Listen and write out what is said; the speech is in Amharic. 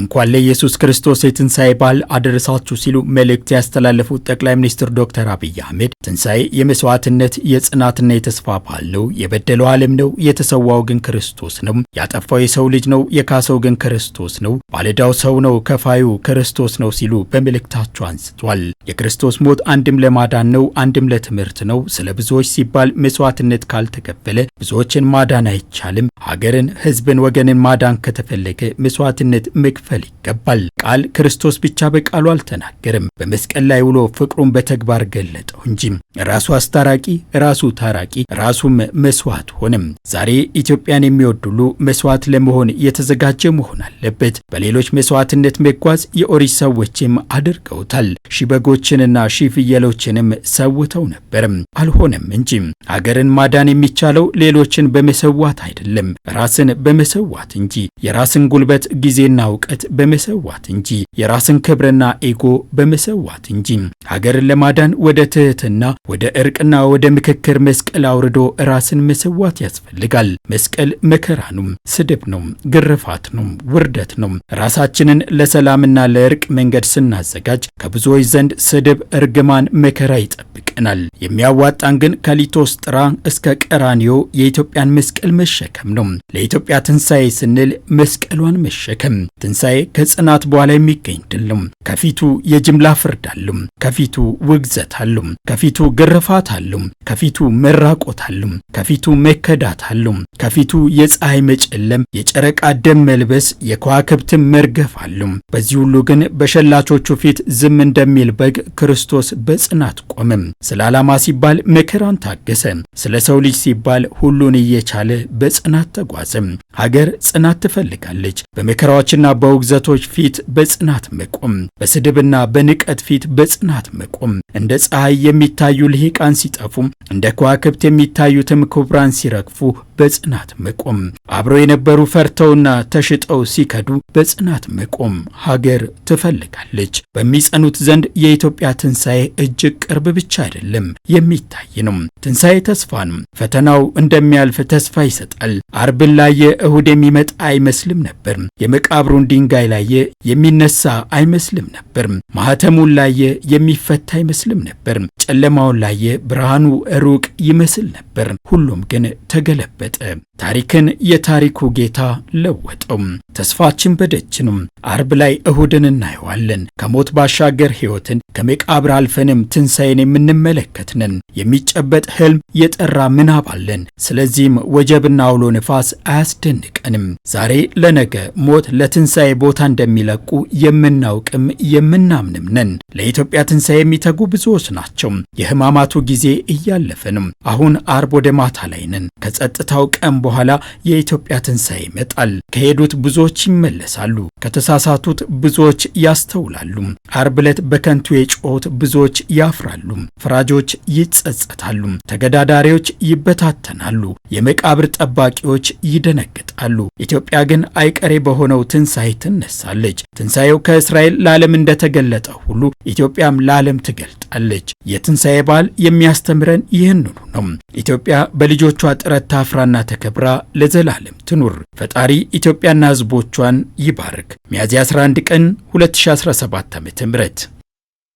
እንኳን ለኢየሱስ ክርስቶስ የትንሣኤ በዓል አደረሳችሁ ሲሉ መልእክት ያስተላለፉት ጠቅላይ ሚኒስትር ዶክተር አብይ አህመድ ትንሣኤ የመሥዋዕትነት የጽናትና የተስፋ በዓል ነው። የበደለው ዓለም ነው፣ የተሰዋው ግን ክርስቶስ ነው። ያጠፋው የሰው ልጅ ነው፣ የካሰው ግን ክርስቶስ ነው። ባለዳው ሰው ነው፣ ከፋዩ ክርስቶስ ነው ሲሉ በመልእክታቸው አንስቷል። የክርስቶስ ሞት አንድም ለማዳን ነው፣ አንድም ለትምህርት ነው። ስለ ብዙዎች ሲባል መሥዋዕትነት ካልተከፈለ ብዙዎችን ማዳን አይቻልም። ሀገርን፣ ሕዝብን፣ ወገንን ማዳን ከተፈለገ መሥዋዕትነት መክፈል መክፈል ይገባል። ቃል ክርስቶስ ብቻ በቃሉ አልተናገረም፣ በመስቀል ላይ ውሎ ፍቅሩን በተግባር ገለጠው እንጂ። ራሱ አስታራቂ፣ ራሱ ታራቂ፣ ራሱም መስዋዕት ሆነም። ዛሬ ኢትዮጵያን የሚወድ ሁሉ መስዋዕት ለመሆን የተዘጋጀ መሆን አለበት። በሌሎች መስዋዕትነት መጓዝ የኦሪት ሰዎችም አድርገውታል። ሽበጎችንና በጎችንና ፍየሎችንም ሰውተው ነበርም፣ አልሆነም እንጂ። ሀገርን ማዳን የሚቻለው ሌሎችን በመሰዋት አይደለም፣ ራስን በመሰዋት እንጂ። የራስን ጉልበት ጊዜና እውቀት እውቀት በመሰዋት እንጂ የራስን ክብርና ኤጎ በመሰዋት እንጂ ሀገርን ለማዳን ወደ ትህትና፣ ወደ እርቅና ወደ ምክክር መስቀል አውርዶ ራስን መሰዋት ያስፈልጋል። መስቀል መከራ ነው፣ ስድብ ነው፣ ግርፋት ነው፣ ውርደት ነው። ራሳችንን ለሰላምና ለእርቅ መንገድ ስናዘጋጅ ከብዙዎች ዘንድ ስድብ፣ እርግማን፣ መከራ ይጠብቀናል። የሚያዋጣን ግን ከሊቶስጥራ እስከ ቀራኒዮ የኢትዮጵያን መስቀል መሸከም ነው። ለኢትዮጵያ ትንሣኤ ስንል መስቀሏን መሸከም። ትንሣኤ ከጽናት በኋላ የሚገኝ ድል ነው። ከፊቱ የጅምላ ፍርድ ከፊ ከፊቱ ውግዘት አሉ፣ ከፊቱ ግርፋት አሉ፣ ከፊቱ መራቆት አሉ፣ ከፊቱ መከዳት አሉ፣ ከፊቱ የፀሐይ መጨለም፣ የጨረቃ ደም መልበስ፣ የከዋክብትን መርገፍ አሉ። በዚህ ሁሉ ግን በሸላቾቹ ፊት ዝም እንደሚል በግ ክርስቶስ በጽናት ቆመም። ስለ ዓላማ ሲባል መከራን ታገሰ። ስለ ሰው ልጅ ሲባል ሁሉን እየቻለ በጽናት ተጓዘም። ሀገር ጽናት ትፈልጋለች። በመከራዎችና በውግዘቶች ፊት በጽናት መቆም፣ በስድብና በንቀት ፊት በጽናት መቆም። እንደ ፀሐይ የሚታዩ ልሂቃን ሲጠፉ፣ እንደ ከዋክብት የሚታዩትም ክቡራን ሲረግፉ በጽ በጽናት መቆም አብረው የነበሩ ፈርተውና ተሽጠው ሲከዱ በጽናት መቆም ሀገር ትፈልጋለች። በሚጸኑት ዘንድ የኢትዮጵያ ትንሣኤ እጅግ ቅርብ ብቻ አይደለም፣ የሚታይ ነው። ትንሣኤ ተስፋ ነው። ፈተናው እንደሚያልፍ ተስፋ ይሰጣል። አርብን ላየ እሁድ የሚመጣ አይመስልም ነበር። የመቃብሩን ድንጋይ ላየ የሚነሳ አይመስልም ነበር። ማኅተሙን ላየ የሚፈታ አይመስልም ነበር። ጨለማውን ላየ ብርሃኑ ሩቅ ይመስል ነበር። ሁሉም ግን ተገለበጠ። ታሪክን የታሪኩ ጌታ ለወጠው። ተስፋችን በደችንም አርብ ላይ እሁድን እናየዋለን። ከሞት ባሻገር ሕይወትን ከመቃብር አልፈንም ትንሣኤን የምንመለከትነን የሚጨበጥ ሕልም የጠራ ምናብ አለን። ስለዚህም ወጀብና አውሎ ነፋስ አያስደንቀንም። ዛሬ ለነገ ሞት ለትንሣኤ ቦታ እንደሚለቁ የምናውቅም የምናምንም ነን። ለኢትዮጵያ ትንሣኤ የሚተጉ ብዙዎች ናቸው። የሕማማቱ ጊዜ እያለፈንም አሁን አርብ ወደ ማታ ላይ ነን። ከጸጥታው ቀ ቀን በኋላ የኢትዮጵያ ትንሣኤ ይመጣል። ከሄዱት ብዙዎች ይመለሳሉ፣ ከተሳሳቱት ብዙዎች ያስተውላሉ። አርብ ዕለት በከንቱ የጮሁት ብዙዎች ያፍራሉ፣ ፍራጆች ይጸጸታሉ፣ ተገዳዳሪዎች ይበታተናሉ፣ የመቃብር ጠባቂዎች ይደነግጣሉ። ኢትዮጵያ ግን አይቀሬ በሆነው ትንሣኤ ትነሳለች። ትንሣኤው ከእስራኤል ለዓለም እንደተገለጠ ሁሉ ኢትዮጵያም ለዓለም ትገልጣለች። የትንሣኤ በዓል የሚያስተምረን ይህንኑ ነው። ኢትዮጵያ በልጆቿ ጥረት ታፍራና ተከብራ ለዘላለም ትኑር። ፈጣሪ ኢትዮጵያና ሕዝቦቿን ይባርክ። ሚያዝያ 11 ቀን 2017 ዓ.ም